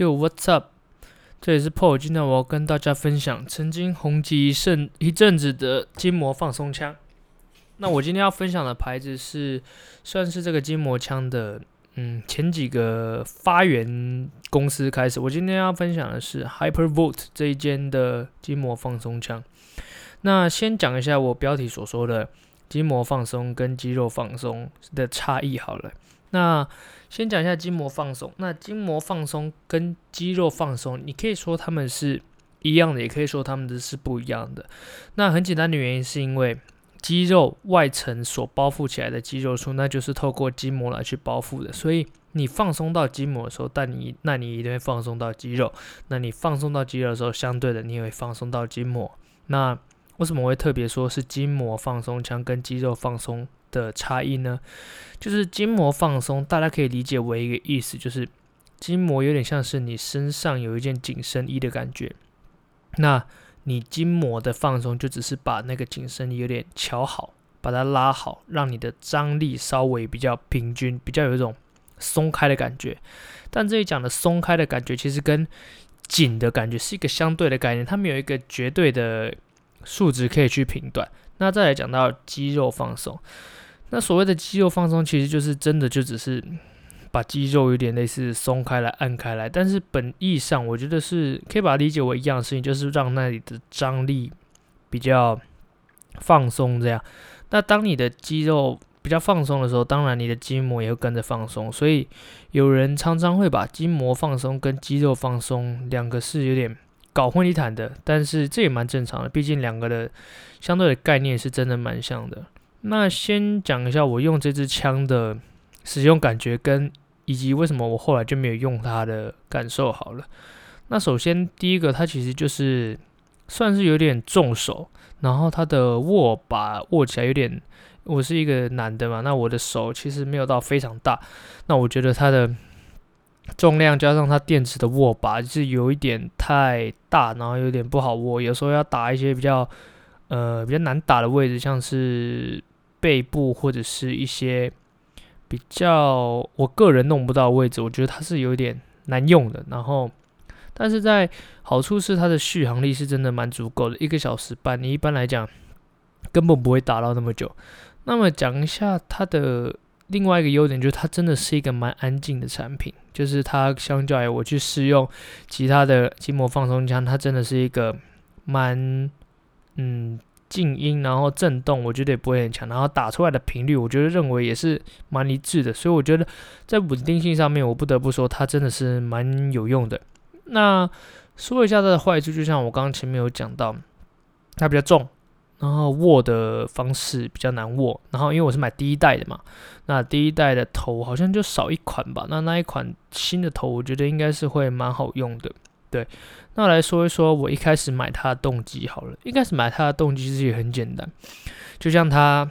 Yo, what's up？這裡是 Paul，今天我要跟大家分享曾經紅極一時一陣子的筋膜放鬆槍。那我今天要分享的牌子是算是這個筋膜槍的，嗯，前幾個發源公司開始。我今天要分享的是 Hypervolt 這一間的筋膜放鬆槍。那先講一下我標題所說的筋膜放鬆跟肌肉放鬆的差異好了。那先講一下筋膜放鬆。那筋膜放鬆跟肌肉放鬆，你可以說它們是一樣的，也可以說它們的是不一樣的。那很簡單的原因是因為肌肉外層所包覆起來的肌肉束，那就是透過筋膜來去包覆的。所以你放鬆到筋膜的時候，但你那你一定會放鬆到肌肉。那你放鬆到肌肉的時候，相對的你也會放鬆到筋膜。那為什麼我會特別說是筋膜放鬆，槍跟肌肉放鬆？的差異呢，就是筋膜放鬆，大家可以理解為一個意思，就是筋膜有點像是你身上有一件緊身衣的感覺，那你筋膜的放鬆就只是把那個緊身衣有點喬好，把它拉好，讓你的張力稍微比較平均，比較有一種鬆開的感覺。但這裡講的鬆開的感覺，其實跟緊的感覺是一個相對的概念，它沒有一個絕對的數值可以去評斷。那再來講到肌肉放鬆。那所謂的肌肉放鬆，其實就是真的就只是把肌肉有點類似鬆開來、按開來。但是本意上，我覺得是可以把它理解為一樣的事情，就是讓那裡的張力比較放鬆這樣。那當你的肌肉比較放鬆的時候，當然你的筋膜也會跟着放鬆。所以有人常常會把筋膜放鬆跟肌肉放鬆兩個是有點搞混一談的，但是這也蠻正常的，畢竟兩個的相對的概念是真的蠻像的。那先講一下我用這支槍的使用感覺跟以及為什麼我後來就沒有用它的感受好了。那首先第一個，它其實就是算是有點重手，然後它的握把握起來有點，我是一個男的嘛，那我的手其實沒有到非常大，那我覺得它的重量加上它電池的握把，是有一點太大，然後有點不好握，有時候要打一些比較呃比較難打的位置，像是。背部或者是一些比較，我個人弄不到的位置，我覺得它是有點難用的。然後，但是在好處是它的續航力是真的蠻足夠的，一個小時半，你一般來講根本不會打到那麼久。那麼講一下它的另外一個優點，就是它真的是一個蠻安靜的產品，就是它相較於我去試用其他的筋膜放鬆槍，它真的是一個蠻嗯。靜音，然後震動，我覺得也不會很強。然後打出來的頻率，我覺得認為也是蠻一致的。所以我覺得在穩定性上面，我不得不說它真的是蠻有用的。那說一下它的壞處，就像我剛剛前面有講到，它比較重，然後握的方式比較難握。然後因為我是買第一代的嘛，那第一代的頭好像就少一款吧。那那一款新的頭，我覺得應該是會蠻好用的。對，那來說一說，我一開始買它的動機好了。一開始買它的動機其實也很簡單，就像它，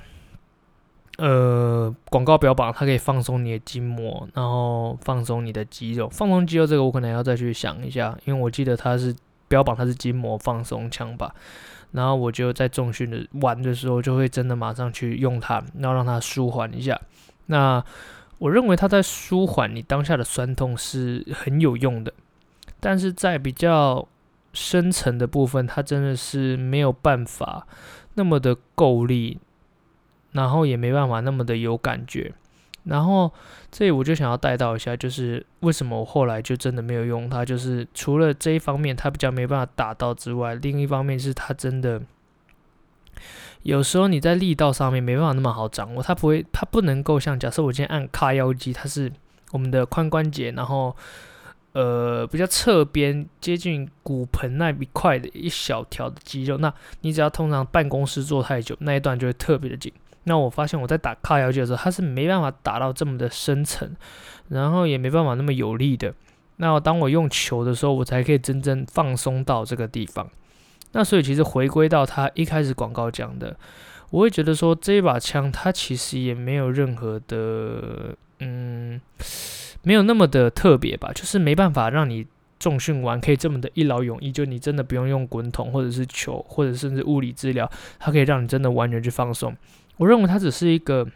呃，廣告標榜它可以放鬆你的筋膜，然後放鬆你的肌肉。放鬆肌肉這個我可能要再去想一下，因為我記得它是標榜它是筋膜放鬆槍吧。然後我就在重訓的玩的時候，就會真的馬上去用它，然後讓它舒緩一下。那我認為它在舒緩你當下的酸痛是很有用的。但是在比較深層的部分，它真的是沒有辦法那麼的夠力，然後也沒辦法那麼的有感覺。然後這裡我就想要帶到一下，就是為什麼我後來就真的沒有用它，就是除了這一方面它比較沒辦法打到之外，另一方面是它真的有時候你在力道上面沒辦法那麼好掌握，它不會，它不能夠像假設我今天按髂腰肌，它是我們的髖關節，然後。呃，比較側邊接近骨盆那一塊的一小條的肌肉，那你只要通常辦公室坐太久，那一段就會特別的緊。那我發現我在打髂腰肌的時候，它是沒辦法打到這麼的深層，然後也沒辦法那麼有力的。那我當我用球的時候，我才可以真正放鬆到這個地方。那所以其實回歸到它一開始廣告講的，我會覺得說這一把槍它其實也沒有任何的嗯。沒有那麼的特別吧，就是沒辦法讓你重訓完可以這麼的一勞永逸。就你真的不用用滾筒或者是球，或者甚至物理治療，它可以讓你真的完全去放鬆。我認為它只是一個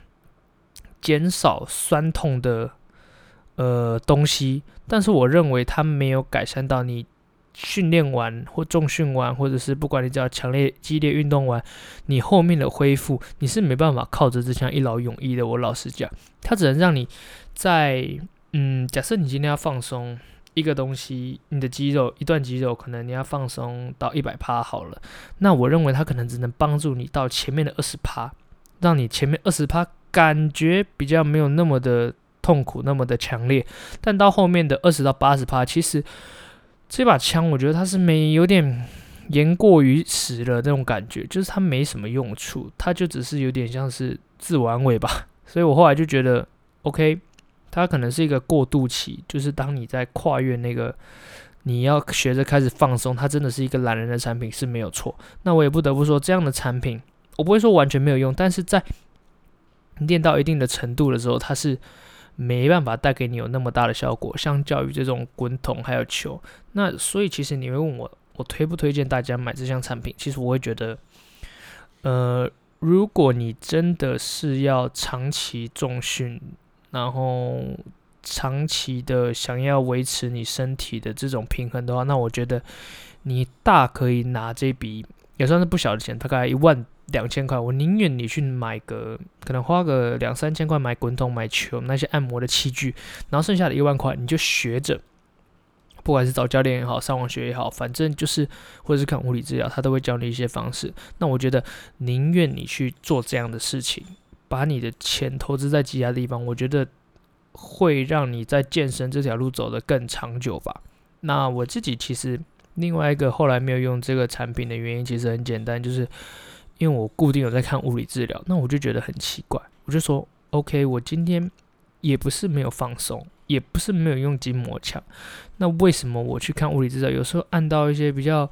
減少痠痛的呃東西，但是我認為它沒有改善到你訓練完或重訓完，或者是不管你只要強烈激烈運動完，你後面的恢復，你是沒辦法靠着這項一勞永逸的。我老實講，它只能讓你在。嗯，假設你今天要放鬆一個東西，你的肌肉，一段肌肉可能你要放鬆到一百趴好了，那我認為它可能只能幫助你到前面的二十趴，讓你前面二十趴感覺比較沒有那麼的痛苦，那麼的強烈。但到後面的二十到八十趴，其實這把槍我覺得它是沒有點言過其實的那種感覺，就是它沒什麼用處，它就只是有點像是自我安慰吧。所以我後來就覺得，OK。它可能是一個過渡期，就是當你在跨越那個，你要學着開始放鬆。它真的是一個懶人的產品是沒有錯。那我也不得不說，這樣的產品我不會說完全沒有用，但是在練到一定的程度的時候，它是沒辦法帶給你有那麼大的效果，相較於這種滾筒還有球。那所以其實你會問我，我推不推薦大家買這項產品？其實我會覺得，呃，如果你真的是要長期重訓。然後長期的想要維持你身體的這種平衡的話，那我覺得你大可以拿這筆也算是不小的錢，大概一萬兩千塊。我寧願你去買個可能花個兩三千塊買滾筒、買球那些按摩的器具，然後剩下的一萬塊你就學着，不管是找教練也好，上網學也好，反正就是或者是看物理治療，他都會教你一些方式。那我覺得寧願你去做這樣的事情。把你的錢投資在其他地方，我覺得會讓你在健身這條路走得更長久吧。那我自己其實另外一個後來沒有用這個產品的原因，其實很簡單，就是因為我固定有在看物理治療，那我就覺得很奇怪，我就說 OK，我今天也不是沒有放鬆，也不是沒有用筋膜槍，那為什麼我去看物理治療？有時候按到一些比較。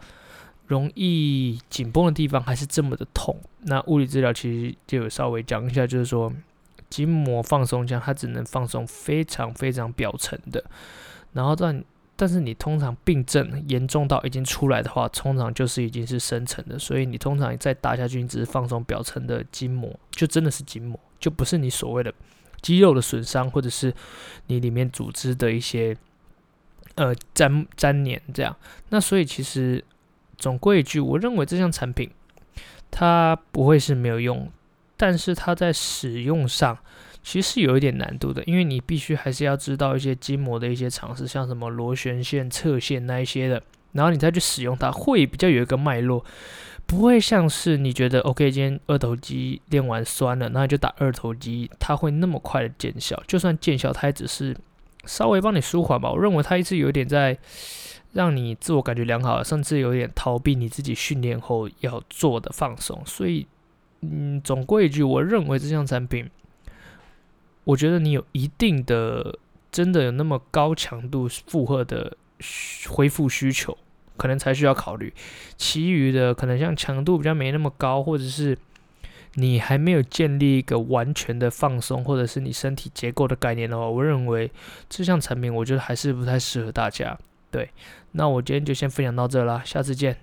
容易緊繃的地方還是這麼的痛。那物理治療其實就有稍微講一下，就是說筋膜放鬆這樣，它只能放鬆非常非常表層的。然後但但是你通常病症嚴重到已經出來的話，通常就是已經是深層的。所以你通常再打下去，你只是放鬆表層的筋膜，就真的是筋膜，就不是你所謂的肌肉的損傷，或者是你裡面組織的一些呃粘粘黏這樣。那所以其實。總歸一句，我認為這項產品它不會是沒有用，但是它在使用上其實是有一點難度的，因為你必須還是要知道一些筋膜的一些常識，像什麼螺旋線、側線那一些的，然後你再去使用它，會比較有一個脈絡，不會像是你覺得 OK，今天二頭肌練完酸了，然後就打二頭肌，它會那麼快的見效，就算見效，它也只是稍微幫你舒緩吧。我認為它一直有一點在。讓你自我感覺良好，甚至有點逃避你自己訓練後要做的放鬆。所以，嗯，總歸一句，我認為這項產品，我覺得你有一定的真的有那麼高強度負荷的恢復需求，可能才需要考慮。其餘的可能像強度比較沒那麼高，或者是你還沒有建立一個完全的放鬆，或者是你身體結構的概念的話，我認為這項產品，我覺得還是不太適合大家。對，那我今天就先分享到這了，下次見。